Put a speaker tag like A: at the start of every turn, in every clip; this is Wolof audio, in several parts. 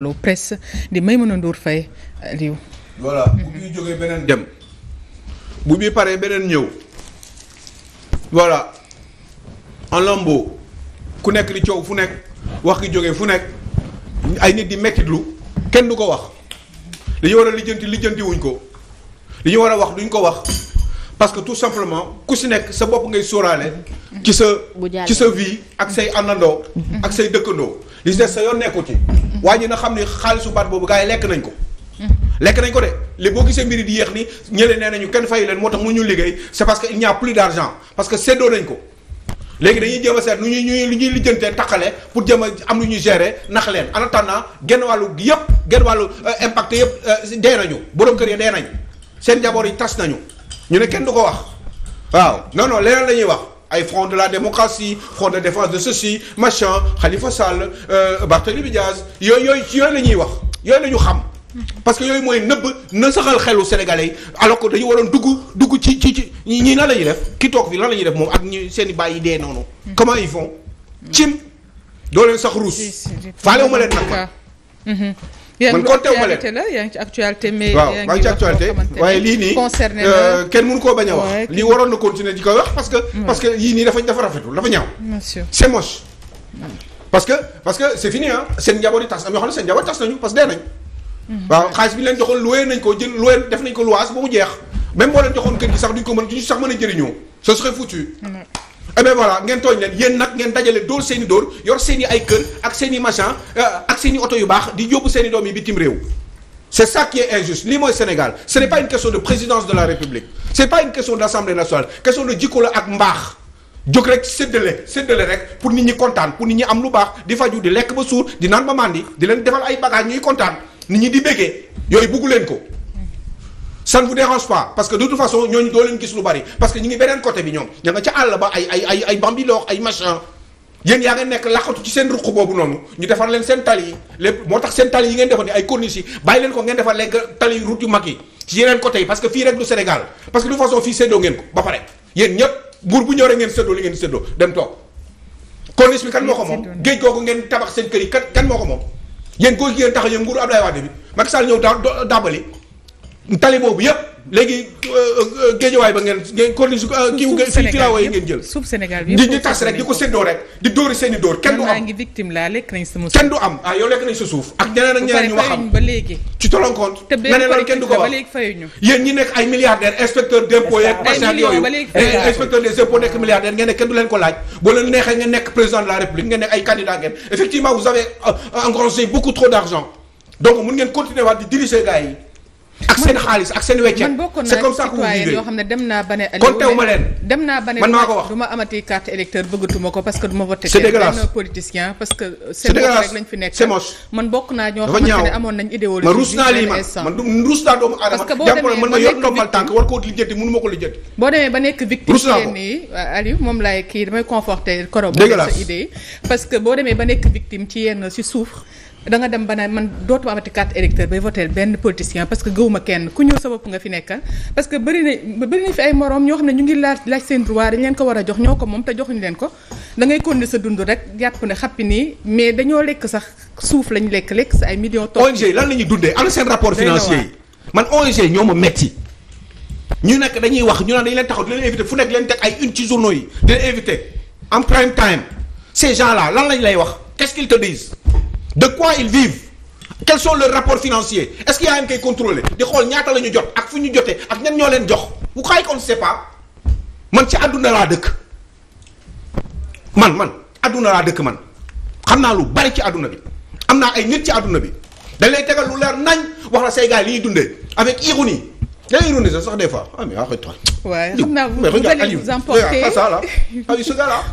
A: lu presse di Maïmouna Ndour Faye liw
B: voilà mhm. bu ñuy beneen dem bu bi paree beneen ñëw voilà en lambo ku nekk li coow fu nekk wax ki jógee fu nekk ay nit di mettitlu kenn du ko wax dañu war a lijjanti lijjanti wuñ ko dañu war a wax duñ ko wax parce que tout simplement ku si nekk sa bopp ngay soraale ci sa ci sa vie ak say àndandoo mhm. ak say dëkkandoo li si sa yoon nekku ci. waa ji na xam ni xaalisu baat boobu gars yi lekk nañ ko. lekk nañ ko de li boo gisee mbiri di yéex ni ñële nee nañu kenn fayu leen moo tax mu ñu liggéey c'est parce que il n'y a plus d'argent parce que séddoo nañ ko. léegi dañuy jéem a seet nu ñuy ñuy lu ñuy lijjantee taxale pour jéem a am lu ñuy gérer nax leen en attendant genn wàllu yëpp genn wàllu euh, impact yëpp euh, dee nañu borom kër yi dee nañu seen njaboot yi tas nañu ñu ne kenn du ko wax waaw non non la ñuy wax. ay front de la démocratie front de défense de ceci machin Khalifa Sall euh, Barthélémy Diaz yooyu yooyu yooyu la ñuy wax yooyu la ñu xam. parce que yooyu mooy nëbb na saxal xelu sénégalais yi alors que dañu waroon dugg dugg ci ci ci ñii lan la ñuy def ki toog fi lan la ñuy def moom ak ñu seen i bàyyi yi dee noonu. Hmm. comment ils font. cim doo leen sax ruus. faalewuma leen
A: nag man compté wu ma leen la yaa ngi ci actualité mais. waaw ngi ci actualité waaye lii nii. Euh,
B: kenn mënu koo bañ a wax. lii waroon na continuer di wax parce que. parce que yii nii dafa dafa rafetul dafa ñaaw. bien sûr parce que parce que c'est fini ah seen njaboot yi tas am yoo xam ne seen njaboot tas nañu parce que dee nañ. Mhm. waaw xaalis bi ñu leen joxoon loué nañ ko jël loué def nañ ko luwaas ba mu jeex même boo leen joxoon kër gi sax duñ ko mën duñ sax mën a jëriñoo ce serait eh bien voilà ngeen tooñ leen yéen nag ngeen dajale dóor seen i dóor yor seen i ay kër ak seen i eh, ak seen oto yu baax di yóbbu seeni doom yi bitim réew. c'est ça qui est injuste lii mooy Sénégal ce n'est pas une question de présidence de la République c'est pas une question d'Assemblée nationale question de jikko la ak mbaax. jóg rek séddale séddale rek pour nit ñi kontaan pour nit ñi am lu baax di faju di lekk ba suur di naan ba màndi di leen defal ay bagages ñuy kontaan nit ñi di béggee yooyu buggu leen ko. san ne vous dérange pas parce que de toute façon ñooñu doo leen gis lu bari parce que ñu ngi beneen côté bi ñoom ña nga ca àll ba ay ay bambiloox ay machin yéen yaa nga nekk laqatu ci seen ruq boobu noonu ñu defar leen seen tali yi lépp moo tax seen tali yi ngeen defar ni ay corniche yi bàyyi leen ko ngeen defar leen tali route yu mag yi ci yeneen côté yi parce que fii rek du Sénégal parce que de toute façon fii séddoo ngeen ko ba pare yéen ñépp buur bu ñëwee ngeen tabax seen kër yi tali boobu yëpp léegi euh, euh, géejewaay ba ngeen ngeen corniche kii kii Tilaawoo yi ngeen
A: jël. suuf Sénégal bi di tas rek di ko
B: séddoo rek di dóori seen i dóor. kenn du am maa
A: ngi victime laa lekk nañ sama suuf. kenn du am ah yow lekk nañ sa suuf. ak ñeneen ak ñeneen ñu ma xam ba léegi.
B: ci tolon compte. te benn kenn du ko wax yéen ñi nekk ay milliardaires inspecteur d'impôt yeeg. ay millions ba léegi yooyu eh, inspecteur des impôts nekk milliardaire ngeen ne kenn du leen ko laaj. boo leen neexee ngeen nekk président de la république ngeen nekk ay candidat ngeen effectivement vous avez euh, engrangé beaucoup trop d'argent donc mun ngeen continuer waat di diriger gars yi ak seen xaalis ak seen weccet c'est comme ça que vous vivez yoo xam
A: ne dem naa ba ne kon teew ma leen dem naa ba ne man maa ko wax du ma amati carte électeur bëggatuma ko parce que du ma voté benn politicien parce que seen bopp rek man bokk naa ñoo xamante ne amoon nañ idéologie man ruus naa man ruus naa doomu aadama parce que boo demee man
B: ma
A: yor ba nekk victime seen yi euh, Aliou moom laay kii damay conforté korob sa idée parce que boo demee ba nekk victime ci yenn si suuf danga nga dem ba naan man dootuma amati carte électeur bay voter benn politicien parce que gëwuma kenn ku ñëw sa bopp nga fi nekkal parce que bëri na bëri na fi ay morom ñoo xam ne ñu ngi laaj laaj seen droit dañ leen ko war a jox ñoo ko moom te joxuñu leen ko da ngay continuer sa dund rek jàpp ne xappi nii mais dañoo lekk sax suuf lañ lekk lekk sa ay millions toog ONG
B: lan la ñuy dundee am na seen rapport financier yi man ONG ñoo ma metti ñu nekk dañuy wax ñu naan dañu leen taxaw di nekk leen teg ay une ci journaux en prime time ces lan lañ lay wax qu'est-ce qu'ils te de quoi ils vive quels sont leurs rapports est-ce que yaa ngi koy contrôler di xool ñaata la ñu jot ak fu ñu jotee ak ñan ñoo leen jox vous croyez qu'on ne sait pas man ci àdduna laa dëkk man man àdduna laa dëkk man xam naa lu bari ci àdduna bi am naa ay nit ci àdduna bi dañ lay tegal lu leer nañ wax la say gars yi li ñuy dundee avec ironie yaa ngi ironiser sax des fois ah mais arrête-toi.
A: Ouais, xam naa vous, ah, vous allez vous emporter là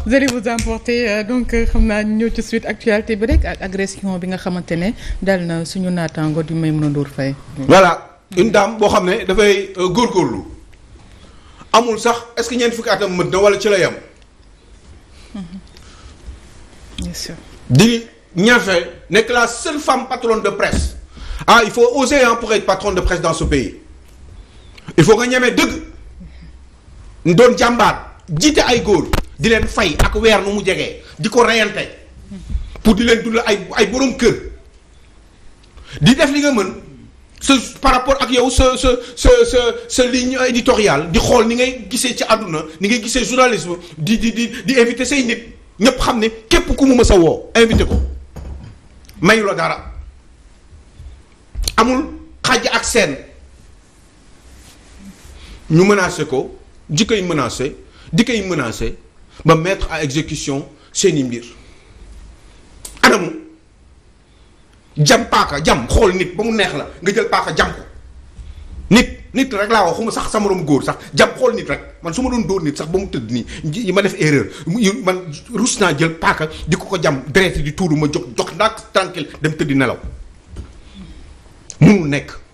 A: vous allez vous emporter donc euh, xam naa ñëw ci suite actualité bi rek ak agression bi nga xamante ne dal na suñu naataango di Maimouna Ndour Faye.
B: voilà une dame boo xam ne dafay euh, góorgóorlu amul sax est-ce que ñeent fukki atam mën na wala ci la yem. Mhm. bien sûr. di ñafe nekk la seule femme patronne de presse ah il faut oser hein, pour être patronne de presse dans ce pays. il faut nga ñemee dëgg doon jàmbaat jiite ay góor di leen fay ak weer lu mu jege di ko reyante pour di leen dund ay ay boroom kër di def li nga mën sa par rapport ak yow sa sa sa sa sa ligne éditoriale di xool ni ngay gisee ci àdduna ni ngay gisee journalisme di di di di invité say nit ñépp xam ne képp ku mu mës a woo invité ko mayula dara amul xaj ak seen ñu menacé ko di yi menacé di koy menacé ba mettre à exécution seeni mbir anamu jam paaka jam xool nit ba mu neex la nga jël paaka jam ko nit nit rek laa waxuma sax sa morom góor sax jam xool nit rek man su ma doon dóor nit sax ba mu tëdd nii ma def erreur man rus naa jël paaka di ko ko jam deret di tuuru ma jox jox ndax tranquille dem tëdd nelaw munu nekk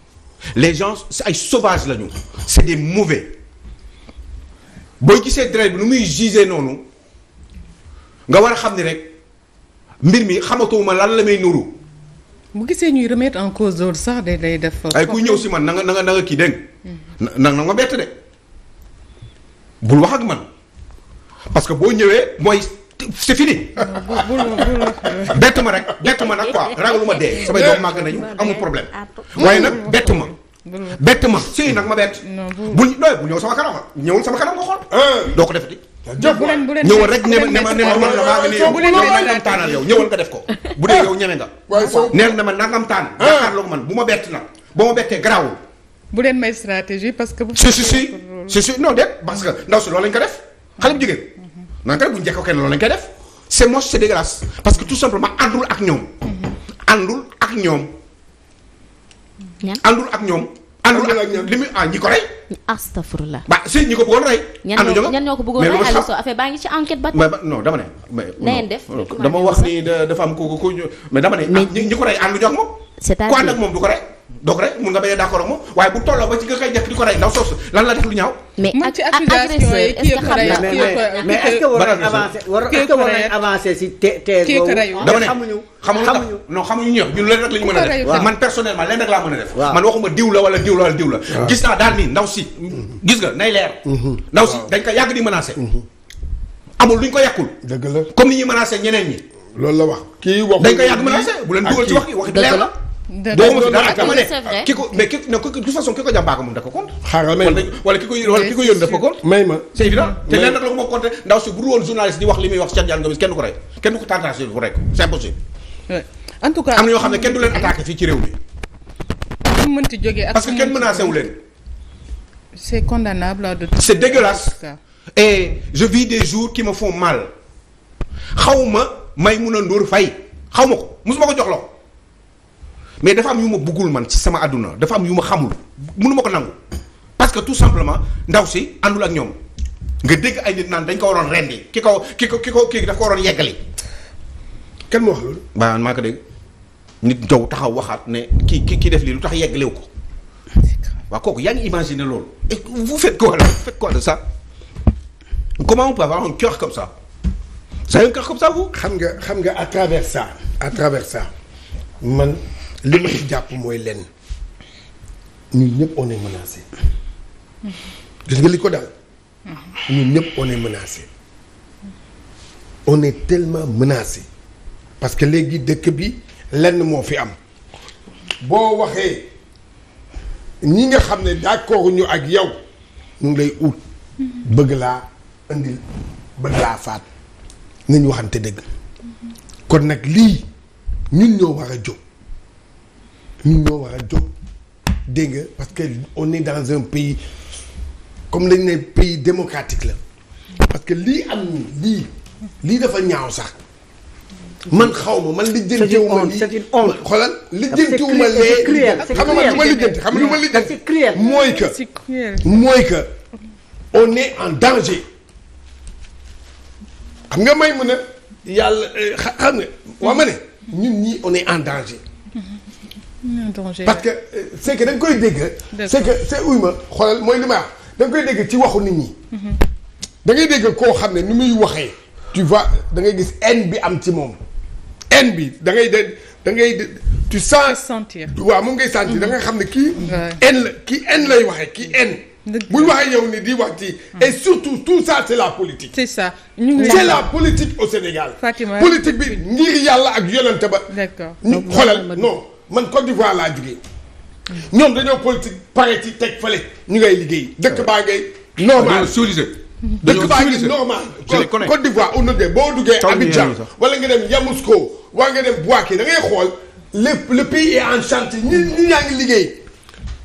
B: les gens ay sauvages lañu c'est des mauvais booy gisee deret bi nu muy gisee noonu nga war a xam ni rek mbir mi xamatuma lan la may nuru.
A: bu gisee ñuy remettre en cause loolu sax day day def. ay kuy
B: ñëw si man na nga na nga kii dégg na nga bett de bul wax ak man parce que boo ñëwee mooy. c'est fini bett ma rek bett ma nag quoi ragalu ma dee samay doom màgg nañu amul problème ah, waaye nag ah, bett ma bett ma sëy nag ma bett. bu bu ñëw sama kanam ñëwul sama kanam nga xool. doo ko defati. jëf bu leen bu leen ñëwal rek ne ma ne ma ne ma maa ngi yow nangam taanal yow ñëwal nga def ko. bu dee yow na ma nangam taan. bu ma bett nag ba ma bettee garaawul.
A: bu leen may stratégie parce que. bu si si si
B: si si non parce que ndaw si loolu lañ ko def. xale bu jigéen. naan ko rek bu ñu jekkoo kenn loolu lañ koy def. c'est moche c'est dégueulasse parce que tout simplement àndul ak ñoom. àndul ak ñoom. ñan àndul ak ñoom. àndul ak ñoom li muy ah ñi ko rey. astafurlah. ba si ñi ko bëggoon rey. ànd
C: ñoo ko bëggoon rey Aliou Sow affaire baa ngi ci enquête ba. mais
B: non dama ne. mais na ngeen def dama wax ni dafa am ko ko mais dama ne. Ah, ñi ko rey ànd ñoo ak moom. c'est-à-dire ku ak moom du ko rey. donc rek mun nga bañ a d'accord ak moom waaye bu tolloo ba ci nga koy njëkk di ko rey ndaw soosu lan la def lu ñaaw.
C: mais agresseur est-ce que xam na mais est-ce que war
B: nañ
D: avancer si te tey boobu. dama xamuñu
B: xamuñu non ñun leen rek la ñu mën a def man personnellement leen rek laa mën a def. man waxuma diw la wala diw la wala diw la. gis naa daal nii ndaw si gis nga nay leer. ndaw si dañ ko yàgg di menacer. amul luñ ko yàqul. dëgg la comme ni ñuy menacer ñeneen ñi. loolu la wax kii wax bu leen dugal ci wax yi wax leer la
A: doo ko ma ne ki
B: ko mais ki ne de toute façon ki ko jàmbaaka moom da ko compte xaaral may ma wala ki ko wala ki ko yónni daf ko compte may ma c'est évident te leen nag la ko moo compté ndaw si bu woon journaliste di wax li muy wax Cheikh Diagne Gomis kenn du ko rey kenn du ko tentation bu rey c'est impossible
A: en tout cas am na ñoo xam ne kenn du leen attaqué fii ci réew mi mu mënti jógee ak parce que kenn menacé wu leen c'est condamnable à de c'est dégueulasse
B: et je vis des jours qui me font mal xaw ma Maïmouna Ndour Faye xaw ma ko mosuma ko jox loxo mais dafa am yu ma bëggul man ci sama àdduna dafa am yu ma xamul mënu ma ko nangu parce que tout simplement ndaw si àndul ak ñoom nga dégg ay nit naan dañ ko waroon rendi ki ko ki ko ki ko kii daf ko waroon yeggali. kenn moo wax loolu. waaw maa ko dégg nit jow taxaw waxaat ne ki ki ki def lii lu tax yeggaliw ko waaw kooku yaa ngi imaginer loolu vous faites quoi là vous faites quoi de ça comment on peut avoir un cœur comme ça c'est un
E: cœur comme ça vous. xam nga à travers ça à travers ça li ma ci jàpp mooy lenn ñun ñëpp on est gis nga li ko dal ñun ñëpp on est menacé on est tellement parce que léegi dëkk bi lenn moo fi am boo waxee ñi nga xam ne d'accord ñu ak yow ñu ngi lay ut bëgg laa indil bëgg laa faat nañ waxante dëgg kon nag lii ñun ñoo war a jóg ñun ñoo war a jóg dégg nga parce que au est dans un pays comme dañ ne pays démocratique la parce que lii am lii lii dafa ñaaw sax man xaw ma man lijjantiwuma lii xoolal lijjantiwuma lee xam nga man lu ma lijjanti xam nga lu ma lijjanti mooy que mooy que on est en danger xam nga may mën a yàlla euh, xam nga waa ma ne ñun ñii on est en danger parce que euh, c'est que da koy dégg. c'est que c'est uy ma xoolal mooy li ma wax koy dégg ci waxu nit ñi. Mhm. da dégg koo xam ne ni muy waxee tu vois da ngay gis haine bi am ci moom haine bi da ngay de dangay ngay tu sens. sentir waaw moom ngay sentir mhm. da nga xam ne kii. haine la kii haine lay waxee kii haine. muy waxee yow ni di wax ci. Mhm. et surtout tout ça c'est la politique. c'est ça ñu ngi c'est la politique au Sénégal. Fatima politique bi ngir yàlla ak yonante ba. d'accord xoolal non. man Côte d'Ivoire laa jugee ñoom dañoo politique pare ci teg fale ñu ngay liggéey dëkk baa ngay normal dëkk baa ngi normal Côte d'Ivoire au de boo duggee Abidjan wala nga dem Yamoussoukro wala nga dem Bouaké da ngay xool lépp le pays est en chantier ñi ñu ñaa ngi liggéey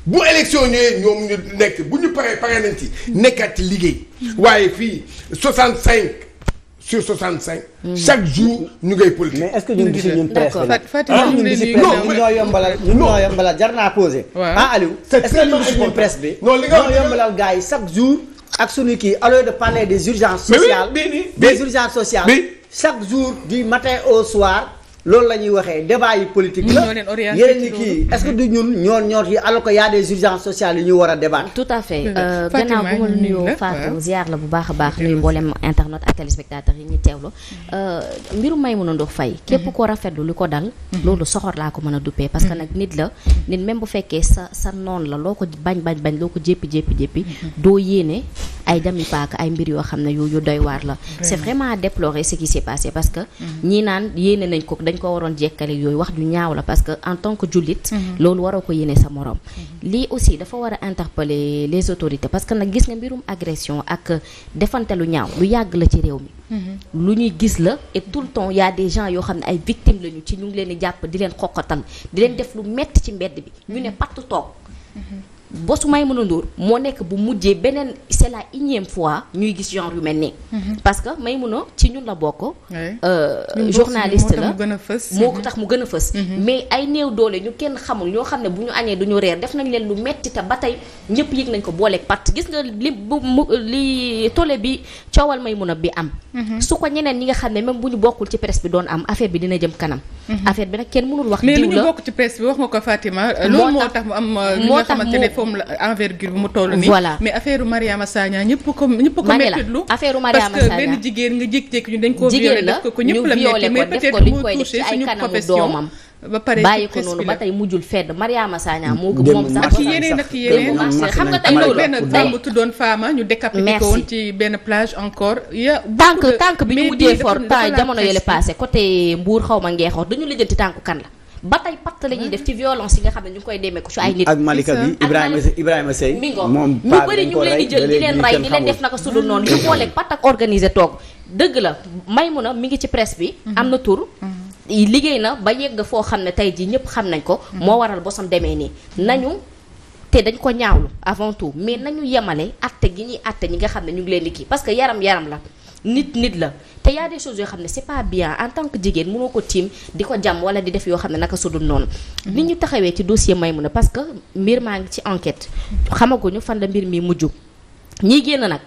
E: bu élection ñëwee ñoom ñu nekk bu ñu paree pare nañ ci nekkaat ci liggéey waaye fii soixante cinq sur 65.
D: chaque jour ñu ngay politique. mais est-ce que ñun gis ñun presse bi. ñoo yombalal ñun ñoo yombalal jar naa posé. ah Aliou. est-ce que ñun gis ñun presse bi. non li nga ñoo yombalal gars yi chaque jour. ak suñu kii au lieu de parler des urgences sociales. des urgences sociales. chaque jour du matin au soir. loolu la ñuy waxee débat yi politique la yéen ñi kii est-ce que du ñun ñoon ñoot yi alors que y a des urgences yu ñu war a débattre tout à fait euh, gannaaw
C: bu ma nuyoo Fatou ziar la bu baax a baax nuyu mboolem internet ak téléspectateurs yi ñu may euh, mbiru Maimouna Ndour Faye mhm. képp ko rafetlu lu ko dal mhm. loolu soxor laa ko mën a duppee parce que mhm. nag nit la nit même bu fekkee sa sa noon la loo ko bañ bañ bañ loo ko jéppi jéppi jéppi doo yéene ay dami paaka ay mbir yoo xam ne yu yu doy waar la c'est vraiment à déplorer parce que ñi naan yéene ko dañ ko waroon jekkale yooyu wax ju ñaaw la parce que en tant que jullit mhm. loolu waroo ko yéene sa morom mhm. lii aussi dafa war a interpeller les autorités parce que nag gis nga mbirum agression ak defante lu ñaaw lu yàgg la ci réew mi mhm. lu ñuy gis la et tout temps y a des gens yoo xam ne ay victimes lañu ci ñu ngi leen jàpp di leen xoqatal di leen def lu metti ci mbedd bi ñu ne patt toog bosu may a ndóor moo nekk bu mujjee beneen c'est la énième fois ñuy gis genre yu mel nii. Mhm. parce que may mën a ci ñun la bokk. Euh, journaliste la moo ko tax mu gën a fës. Mhm. Mhm. mais ay néew doole ñu kenn xamul ñoo xam ne bu ñu du ñu reer def nañ leen ba tey ko booleeg pat gis nga li bu li tole bi a bi am. su ko ñeneen bu ñu bokkul ci presse bi doon am affaire bi dina jëm kanam. affaire bi nag kenn mënul wax. diw mais li ñu bokk
A: ci presse bi wax nga ko Fatima. loolu moo tax mu am euh, li nga xamante réforme la envergure bi mu toll voilà mais affaire Mariama Sagna ñëpp ko ñëpp ko méttitlu affaire Mariama Sagna ñu dañ ko violé def ko ko ñëpp la metti mais peut ko noonu ba tey mujjul fedd Mariama Sagna moo ko moom sax ak yeneen ak xam nga tey loolu benn dàmb tuddoon Fama ñu décapité ko woon benn plage encore ya tànk tànk bi ñu mujjee fort temps jamono yële passé
C: côté Mbour xaw ma ngeexoor dañu lijjanti tànku kan la ba tey patt la ñuy def ci violence yi nga xam ne ñu ngi koy demee ko ci ay nit. ak Malika bi
D: Ibrahima Ibrahima Sey. moom ñu bëri ñu ngi leen leen rey di leen def naka
C: sudul noonu ñu booleeg patt ak organiser toog dëgg la Maimouna mi ngi ci presse bi. Mhm. am na tur. Mhm. liggéey na ba yegg foo xam ne tey jii ñëpp xam nañ ko. Mhm. moo waral bosam demee nii nañu. te dañ ko ñaawlu avant tout mais nañu yemale atte gi ñuy atte ñi nga xam ne ñu ngi leen di kii parce que yaram yaram la nit nit la te y a des choses yoo xam ne c'est pas bien en tant que jigéen mënoo ko tiim di ko jàmm wala di def yoo xam ne naka sudul noonu mm-hmm. nit ñu taxawee ci dossier Maimouna parce que mbir maa ngi ci enquête mm-hmm. xamaguñu fan la mbir mi mujj ñii génn nag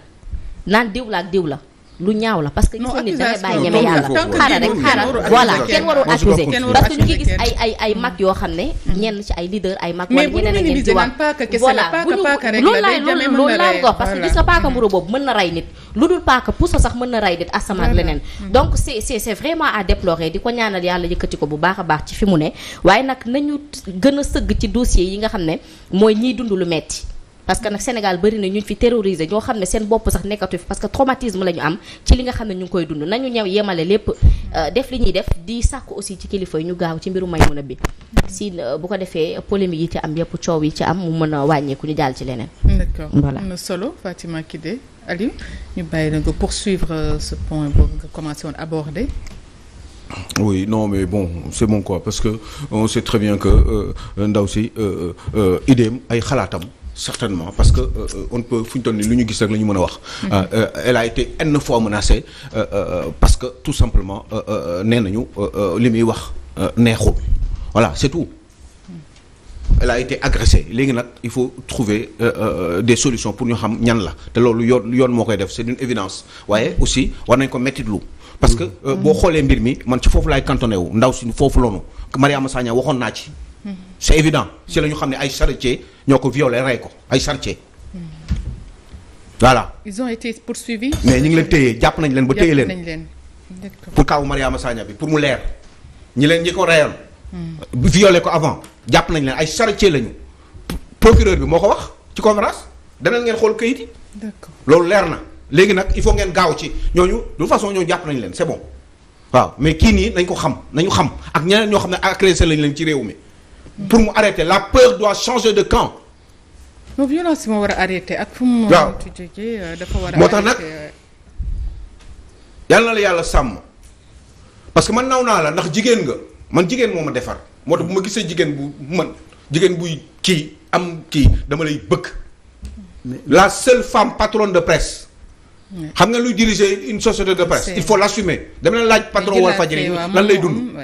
C: naan diw la ak diw la lu ñaaw la parce que gisul nit dangay bàyyi ñeme yàlla xaaral rek xaaral voilà kenn warul accuser parce que ñu ngi gis ay ay mag yoo xam ne mm-hmm. ñenn ci ay leader ay mag wala ñeneen ak ñeneen ci wax voilà parce que gis nga paaka mburu boobu mën na rey nit lu dul paaka puso sax mën na rey nit asama ak leneen mm-hmm. donc c'est c'est vraiment à déplorer di ko ñaanal yàlla yëkkati ko bu baax a baax ci fi mu ne waaye nag nañu gën a sëgg ci dossier yi nga xam ne mooy ñiy dundu lu metti parce que nag Sénégal bëri na ñu fi terroriser ñoo xam ne seen bopp sax nekkatu fi parce que traumatisme la ñu am ci li nga xam ne ñu ngi koy dund nañu ñëw yemale lépp euh, def li ñuy def di sàkk aussi ci kilifa yi ñu gaaw ci mbiru Maymuna bi si euh, bu ko defee
A: polémique yi ci am yëpp coow yi ci am mu mën a wàññeeku ñu jàll ci leneen. Mm. d'accord voilà am na solo Fatima Kidé ñu bàyyi la nga poursuivre euh, ce point commencé woon aborder.
B: oui non mais bon c'est parce que on sait très bien que ndaw si idéem ay xalaatam. certainement parce que euh, euh, on ne fu ñu toll ni lu ñu gis rek la ñu mën a wax. Mm-hmm. Euh, elle a été n fois menacée parce que tout simplement nee ñu li muy wax neexul voilà c'est tout. Mm-hmm. elle été agressée léegi nag il faut trouver euh, des solutions pour ñu xam ñan la te loolu yoon yoon moo koy def c'est une évidence waaye aussi war nañ ko mettitlu parce que mm-hmm. boo xoolee mbir mi man ci foofu laay cantonné wu ndaw si foofu loonu Mariama Sagna waxoon naa ci c'est évident si la ñu xam ne ay charretiers ñoo ko violé rey ko ay charretiers voilà.
A: ils ont été poursuivis.
B: mais ñu ngi leen téye jàpp nañ leen ba téye leen jàpp nañ leen. pour kaw Mariama Sagna bi pour mu leer ñi leen ñi ko reyoon. Hmm. violé ko avant jàpp nañ leen ay charretiers lañu. procureur bi moo ko wax ci conférence danañ ngeen xool kayit yi. loolu leer na léegi nag il faut ngeen gaaw ci ñooñu de façon ñooñu jàpp nañ leen c'est bon waaw mais kii nii nañ ko xam nañu xam ak ñeneen ñoo xam ne agressé lañ leen ci réew mi. pour mu arrêter la peur doit changer de camp.
A: non violence moo war a ak fu mu. waaw euh, dafa war moo tax nag
B: yal na la yàlla sàmm. parce que man naw naa la ndax jigéen nga man jigéen moom ma defar moo tax bu ma gisee jigéen bu man jigéen buy kii am kii dama lay bëgg. la seule femme patronne de presse. xam nga luy diriger une société de presse. il faut l'assumer dama la laaj patron Walfadjri lan lay dund.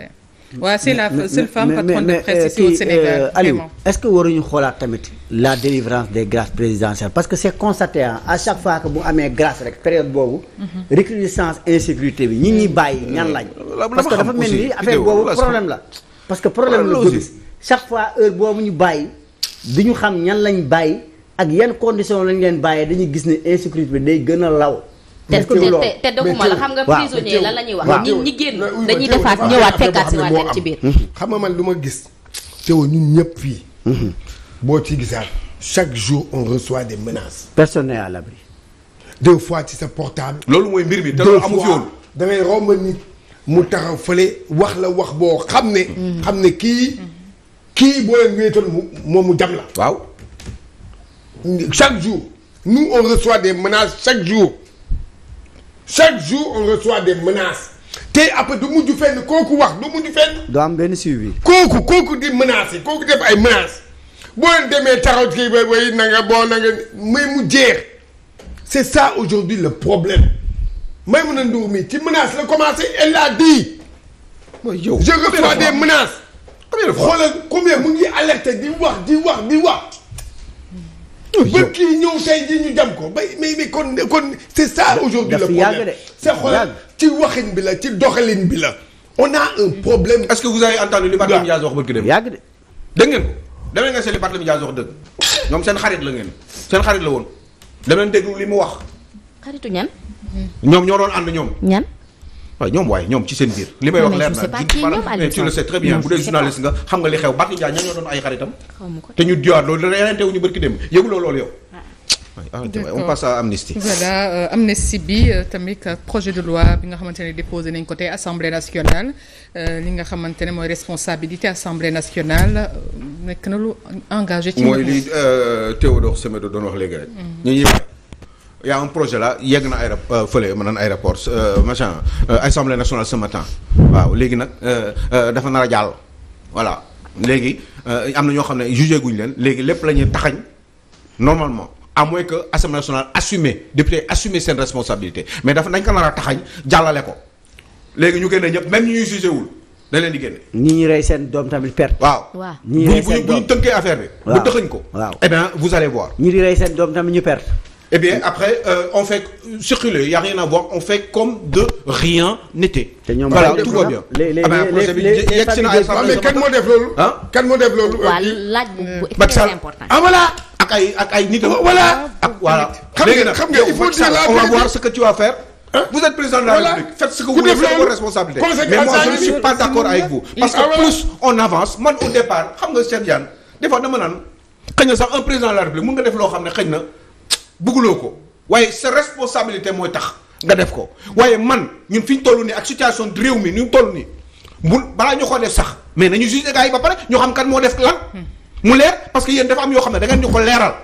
D: waaw c'est la seule femme patronne de presse ici euh, au euh, est-ce que waruñu xoolaat tamit la délivrance des grâces présidentielles parce que c'est constaté ah à chaque fois que bu amee grâce rek période boobu mhm. recrudescence insécurité bi ñi mm. bàyyi ñan lañ euh, parce que dafa mel ni affaire boobu problème la parce que problème la guddi chaque fois heure boobu ñu bàyyi du ñu xam ñan lañ bàyyi ak yan condition lañ leen bàyyee dañuy gis ne insécurité bi day gën a law te te doguma la xam nga prisonnier la la ñuy wax ñi ñi
C: génn dañuy defaat ñëwaat fekkaat si waat ci biir
E: hmm. xam nga man lu ma gis teew ñu ñëpp fii hmm. boo ci gisaat chaque jour on reçoit des menaces personne n'est à l'abri deux fois ci sa portable loolu mooy mbir bi te loolu amu fi woon da ngay mu taxaw fële wax la wax boo xam ne hmm. xam ne kii kii boo leen wéetoon mu moom mu jam la waaw chaque jour nous on reçoit des menaces chaque jour chaque jour on reçoit des menaces tey après du mujj fenn kooku wax du mujj fenn.
D: du am benn suivi.
E: kooku kooku di menacer kooku def ay menaces boo leen demee taxaw kii ba way na nga boo na nga may mu jeex c'est ça aujourd'hui le problème Maïmouna Ndour mi ci menace la commencé elle a dit. mooy yow je reçois des menaces. combien de fois xoolal mu ngi alerté di wax di wax di wax. ba kii ñëw tey jii ñu jam ko ba mais mais kon kon c'est ça aujourd'hui le problème c'est xoolal ci waxin bi la ci doxalin bi la on a un problème est-ce que vous avez entendu li Barthélémy Dias wax bërki dem yàgg de dégg ngeen ko
B: dem leen nga seet li Barthélémy Dias wax dëgg ñoom seen xarit la ngeen seen xarit la woon dem leen li mu wax xaritu ñan ñoom ñoo doon ànd ñoom ñan waaw ñoom waaye ñoom ci seen biir. li may wax leer na tu le sais très bien bu dee journaliste nga xam nga li xew Barthe Ndiaye ñoo doon ay xaritam. te ñu diwaat loolu yeneen teewuñu barki dem yëguloo loolu yow. Ah. on passe à amnistie. voilà
A: euh, bi euh, tamit projet de loi bi nga xamante ne déposé nañ ko tey assemblée nationale euh, li nga xamante ne mooy responsabilité assemblée nationale nekk na lu engagé. ci li
B: Théodore Semedo doon wax
A: léegi
B: y' a un projet là yegg na aéroport euh, fële ma naan aéroport euh, machin euh, assemblée nationale ce matin waaw léegi nag dafa nar a jàll voilà léegi am na ñoo xam ne jugé guñ leen léegi lépp la ñuy taxañ normalement à moins que assemblée nationale assumer député assumer seen responsabilité mais dafa nañ ko nar a taxañ jàllale ko léegi ñu génne ñëpp même ñi ñuy jugé wul leen di génne. ñi ñuy rey seen doom tamit perte. waaw ñi ñuy rey bu ñu bu ñu tënkee affaire bi. waaw bu dëxëñ ko. waaw eh bien vous allez voir. ñi di ñu perte. Eh bien après euh, on fait circuler il y a rien à on fait comme de rien n'était. tout va bien. léegi léegi léegi mais kan moo
E: def def loolu. waa
B: laaj euh, ah, voilà ak ay ak ay nit voilà. ak ah, voilà léegi nag xam nga il faut dire on va ce que tu vas faire. vous êtes président de la République faites ce que vous voulez c'est votre responsabilité. mais moi ne suis pas d'accord avec vous. parce que ah, plus on avance man au départ xam nga Cheikh Diagne des fois dama naan xëy na sax un président de la République mun nga def loo xam ne xëy na bëgguloo ko waaye sa responsabilité mooy tax nga def ko waaye man ñun fi ñu tollu nii ak situation réew mi ñu toll nii bu balaa ñu ko def sax mais nañu jugé gars yi ba pare ñoo xam kan moo def lan. mu leer parce que yéen dafa am yoo xam ne da ngeen ñu ko leeral.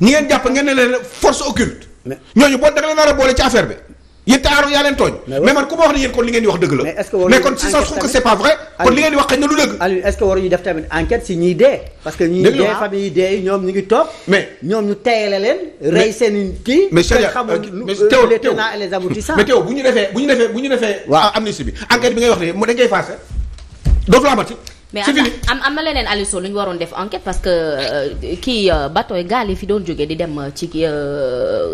B: ñi ngeen jàpp ngeen ne leen force occulte. ñooñu boo da nga leen nar a boole ci affaire bi. yaa leen tooñ. mais man ku ma wax ne yéen kon li ngeen
D: di wax dëgg la. mais est-ce na du dëgg. Aliou est-ce que waruñu def tamit enquête si ñiy dee. parce que ñiy dee famille dee ñoom ñu ngi toog. mais ñoom ñu teyale leen. rey seen kii. mais Cheikh euh, mais teew euh, les tenants et les aboutissants. mais teew bu ñu defee bu ñu defee bu ñu defee.
B: waaw ah, amnistie bi enquête bi ngay wax ne mu dañ koy effacé dootul amati.
C: mais am am na leneen Aliou Sow lu ñu waroon def enquête parce que euh, kii bateau gaal yi fi doon jógee di dem ci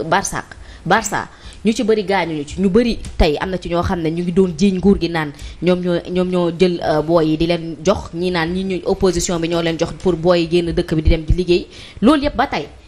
C: Barça Barça ñu ci bëri ñu ci ñu bëri tey am na ci ñoo xam ne ñu ngi doon jiiñ nguur gi naan ñoom ñoo ñoom ñoo jël euh, booy yi di leen jox ñi naan ñi ñu opposition bi ñoo leen jox pour booy yi génn dëkk bi di dem di liggéey loolu yëpp ba tey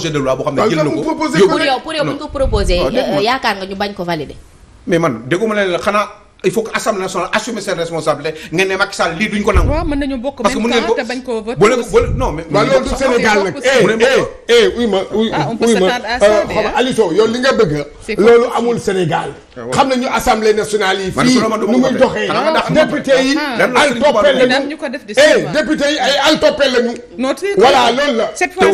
B: projet de loi boo xam ne jël na pour yow pour yow bu ñu ko proposé
C: yaakaar nga ñu bañ ko valider
B: mais man dégguma la xanaa il faut que assemblée nationale assume ses responsabilités ngeen ne Macky lii duñ ko nangu. waaw mën nañu bokk parce que mën ngeen ko bañ koo voté
E: non mais. waaw loolu du Sénégal nag eh, eh eh uy ma uy ma. ah on peut s'attendre à ça euh, ah. yow li nga bëgg. loolu amul Sénégal. xam nañu assemblée nationale yi. fii nu muy doxee ah, député yi. Ah, al toppel lañu eh, député yi ay al toppel lañu. voilà loolu la. cette fois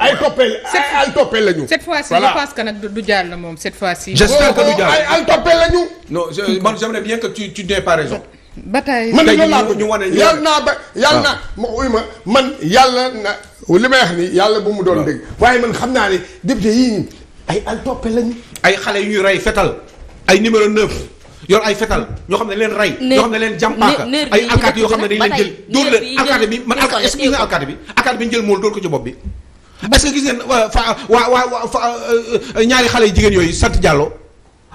E: ay toppel ay al toppel lañu. cette fois ci je
A: pense moom cette fois ci. j'espère que du oh, oh, jàll ay al toppel lañu.
B: non je man j'aimerais bien que tu
E: tu n'aies pas man de loolu naa ba yàlla ah. naa ma uy ma man yàlla na li may wax ni yàlla bu mu doon dégg waaye man xam naa ne député yii ay al toppel lañu. ay xale yuy rey fetal. ay numéro 9 yor ay fetal ñoo
B: xam ne leen rey. ñoo xam ne leen jàmpaaka ay yoo xam ne dañ leen jël. dóor leen alkaati bi man alkaati nga alkaati jigéen yooyu sant Diallo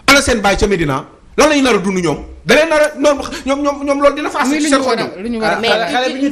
B: ana seen baay ca Medina lan la ñu nar a da ñoom ñoom ñoom loolu dina faas. a xale bi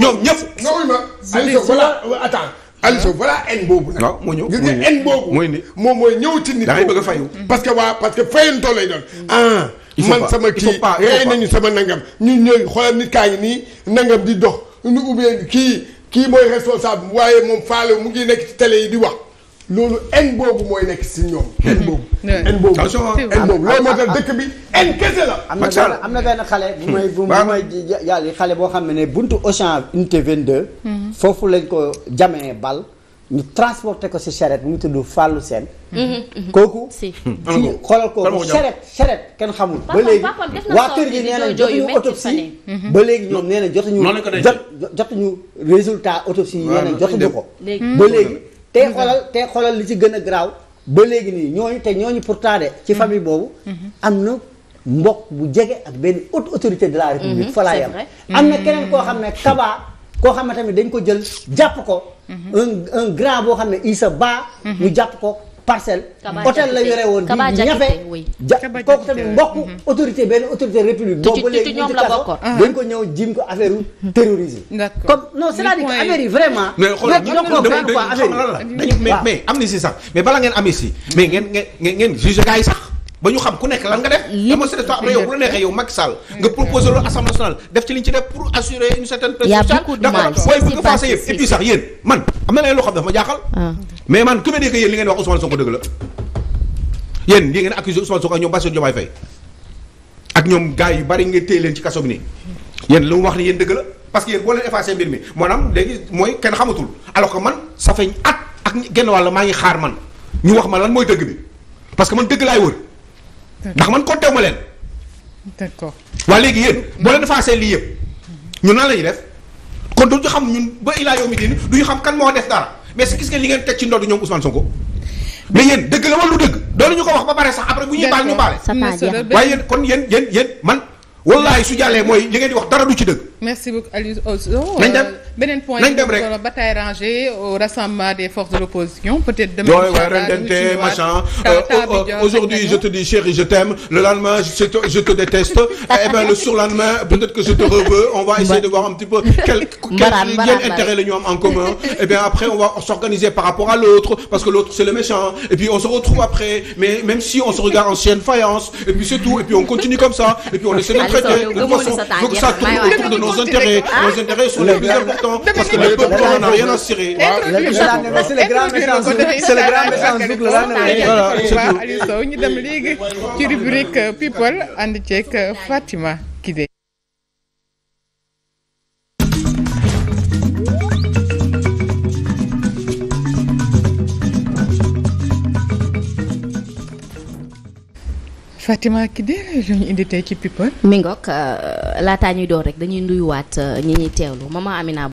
E: ñu ma Aliou Sow balaa Aliou Sow voilà boobu nag. moo ñëw gis nga haine boobu. mooy ni moom mooy ñëw ci nit. a fayu. parce que waa parce que fayantoo lay doon. Mm. ah man sama kii rey nañu sama nangam ñu ñëw xoolal nit kaa ngi nii nangam di dox nu ou bien kii kii mooy responsable waaye moom faale mu ngi nekk ci télé yi di wax. loolu
D: en boobu mooy nekk si ñoom. en hmm. boobu. Hmm. en boobu loolu moo ah, tax ah, dëkk bi en ah. kese la. am na am na benn xale bu may bu may yàlla xale boo xam ne buntu Auchan unité 22. Hmm. foofu lañ ko jamee bal. ñu ko si charrette mu ngi tudd Fallou kooku. si xoolal kooku charrette kenn xamul. ba léegi waa kër gi nee nañ jotuñu autopsie. ba léegi ñoom nee na jotuñu. jot jotuñu résultat autopsie yi nee na jotuñu ko. ba léegi. tey xoolal tey xoolal li ci gën a garaaw ba léegi nii ñooñu te ñooñu pourtant de ci famille boobu am na mbokk bu jege ak benn haute autorité de la république fa laa yam am na keneen koo xam ne kabaa koo xam ne tamit dañ ko jël jàpp ko mhm. un un boo xam ne Issa Ba ñu jàpp ko parcelle hôtel la yore woon di ñafe kooku tamit mbokk autorité benn autorité république boobu léegi ñoom la bokkoon ah. dañ ko ñëw jim ko affaire u comme non c'est-à-dire que affaire yi vraiment mais mais amnistie sax
B: mais bala ngeen amnistie mais ngeen ngeen ngeen juge gars sax ba ñu xam ku nekk lan nga def. lépp lépp yow bu la neexee yow Macky Sall. nga proposé loolu assemblée nationale def ci li ñu ci def pour assurer une certaine pression sociale. sax yéen man am na leneen loo xam dafa ma jaaxal. Ah. mais man ku ma dégg yéen li ngeen wax Ousmane Sonko dëgg la yéen li ngeen accusé Ousmane Sonko ak ñoom Bassirou Diomaye Faye ak gars yu bari ngeen téye leen ci kaso bi nii yéen lu mu wax ni yéen dëgg la parce que yéen boo leen effacé mbir mi maanaam léegi mooy kenn xamatul alors que man sa fait at ak genn wàll maa ngi xaar man ñu wax ma lan mooy dëgg bi parce que man dëgg laay ndax man compté wu ma leen. d'accord waa léegi yéen boo leen faasee lii yëpp ñun nan la def kon duñu xam ñun ba ilaa yow mi diin xam kan moo def dara mais si gis nga li ngeen teg ci ndoddu ñoom Ousmane Sonko. mais yéen dëgg la wala lu dëgg doon ñu ko wax ba pare sax après bu ñuy baal ñu baale. waaye yéen kon yéen yéen yéen man wallaahi su jàllee mooy li ngeen di wax dara du ci dëgg.
A: merci beaucoup Aliou Sow nañ dem euh, de l'opposition peut-être demain rendente machin euh, euh,
B: aujourd'hui je te dis chérie je t'aime le lendemain je te déteste et eh ben le surlendemain peut-être que je te reveux on va essayer de voir un petit peu quel quel intérêt la ñu en commun et eh bien après on va s'organiser par rapport à l'autre parce que l'autre c'est le méchant et on se retrouve après mais même si on se regarde en chaîne de traiter nos intérêts, ah. nos intérêts sont les plus importants
A: parce que le peuple n'en a rien à cirer. C'est le grand message, c'est le grand message dugg la voilà Aliou Sow ñu dem léegi ci rubrique people ànd ceeg Fatima. Fatima Kidé lu ñu indi
C: tey ci people. mi ngoog euh, laataa ñuy door rek dañuy nuyuwaat euh, ñi ñuy teewlu maman Amina.